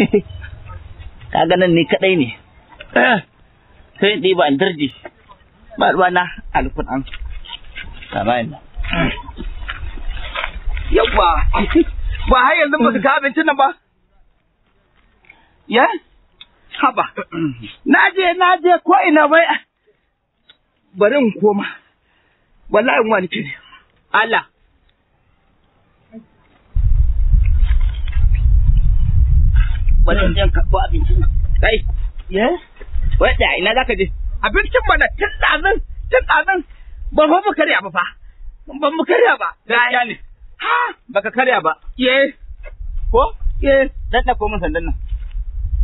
kaga nan ni kadai ne eh, sai in ba in ba ruwa na alkur'an tabayin nan ba har yanzu ba ka ga abincin nan ba ya haba na je na je ko ina bai bari in koma wallahi wani kire Allah bari in karɓo abincin nan kai ye wadda ina zaka je abincin mana tun ɗazun tun ɗazun ban fa mu karya ba fa ban mu karya ba ya ne ha baka karya ba ye ko ye dan da ko mun sandan nan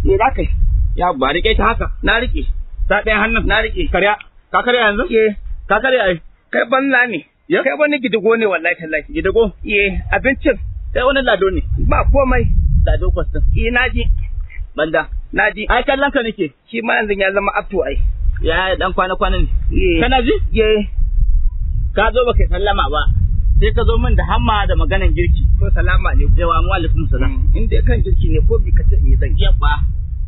me ka yi ya ba rike ta haka na riƙe. ta ɗaya hannun na riƙe. karya ka karya yanzu ye ka karya ai kai banza ne kai wani gidigo ne wallahi tallahi gidigo ye abincin kai wani lado ne ba komai da dokos din eh naji banda ji ai kallon ka nake shi ma yanzu ya zama up to ai ya dan kwana kwana ne eh. kana ji eh ka zo baka sallama ba sai ka zo min da hamma da maganan girki ko salama ne ko wa alaikum salam mm. in dai kan girki ne ko bi ka ce in yi zan yabba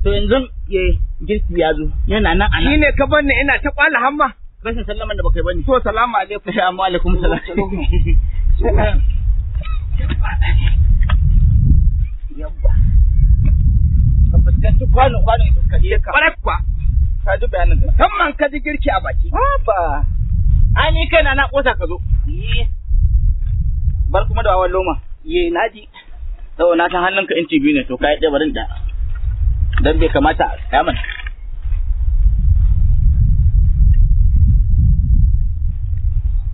to yanzu ye girki ya zo yana nan anan shine ka banne ina ta kwala hamma rashin sallaman da baka yi bane to salamu alaikum wa alaikum salam ka kwarai kuwa ka ji bayanin musamman ka ji girki a baki ba an yi kaina na kosa ka zo bar kuma da wawan loma ye naji sau na san hannunka inci biyu ne to ka yi ɗabarin da don bai kamata a tsaya mana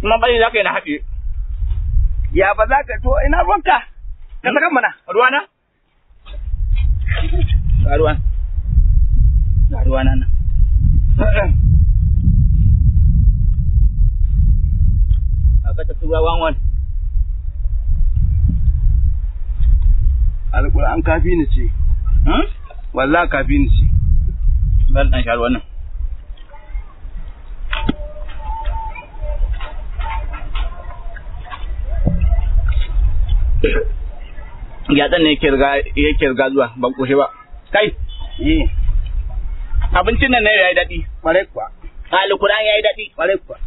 kuma bari za ka yi na haɗe ya ba za ka to ina ruwanka ka saka mana ruwana ruwana faruwa nan aka tafi ruwa wan wan alƙur'an kafi ni ce hmm? walla kafi ni ce zan ɗan sharuwa nan ya ne yake riga zuwa ban kushe ba kai yi abincin nan ya yi daɗi ƙwarai kuwa ya yi daɗi ƙwarai kuwa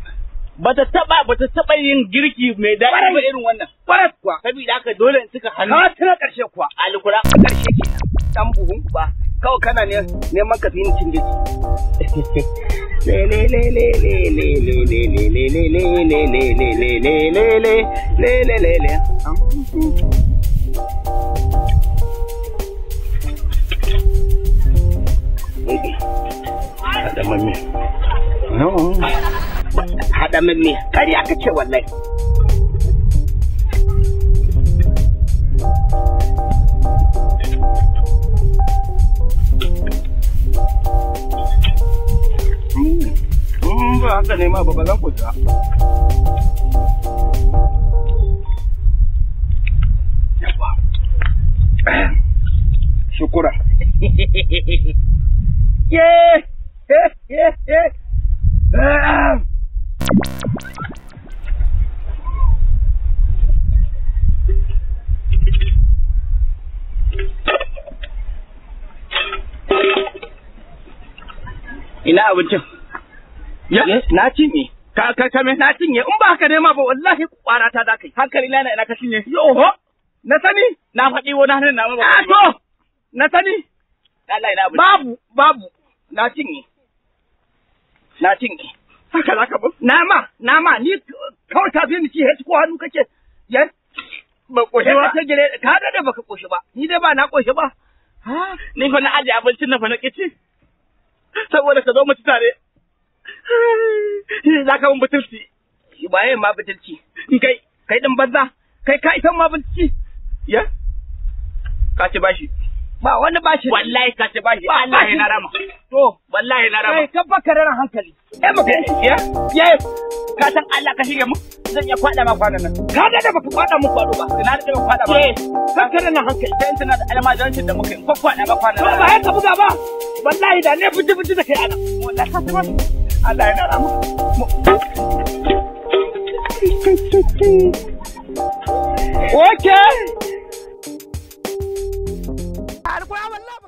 taɓa ba ta taɓa yin girki mai daɗi ba irin wannan ƙwarai kuwa saboda haka dole in suka hannu ka tuna ƙarshe kuwa A ƙarshe kenan Ɗan buhun ba kawai kana ne neman ka yin cin gaji Haɗamamme. Haɗamamme, ƙarya kake wallahi. Mm, ba haka ne ba zan kuta. Shukura. Yeee! ina abincin eh, na cinye ka ka ka me na cinye in ba haka ne ma ba wallahi kwara ta zakai hankali na ina ka cinye yo na sani na faɗi wani hannun na ba a ah, to na sani Allah na abincin babu babu na cinye na cinye haka za ka ba na ma na ma ni kawai ka fi ni ci hes ko hannu kake yan ba koshi ba ta gire ka da baka koshi ba ni dai ba na koshi ba ni fa na aje abincin na fa na kici saboda ka zo mu ci tare za ka mun butulci yin ma butulci kai kai din banza kai ka isan ma butulci ya ka ci bashi ba wani bashi wallahi ka ci bashi wallahi na rama to wallahi na rama kai ka baka ran hankali eh kai. ya ya ka san Allah ka shige mu zan iya kwada ma kwanan nan ka ga da baka kwada mu kwado ba ina eh, da baka kwada ba Ka ka ran hankali sai tana da da muke ko kwada ma kwanan nan ba ya ka buga ba wallahi da ne fuji fuji da kai ana wallahi ka tabbata Allah ya dara mu Okay.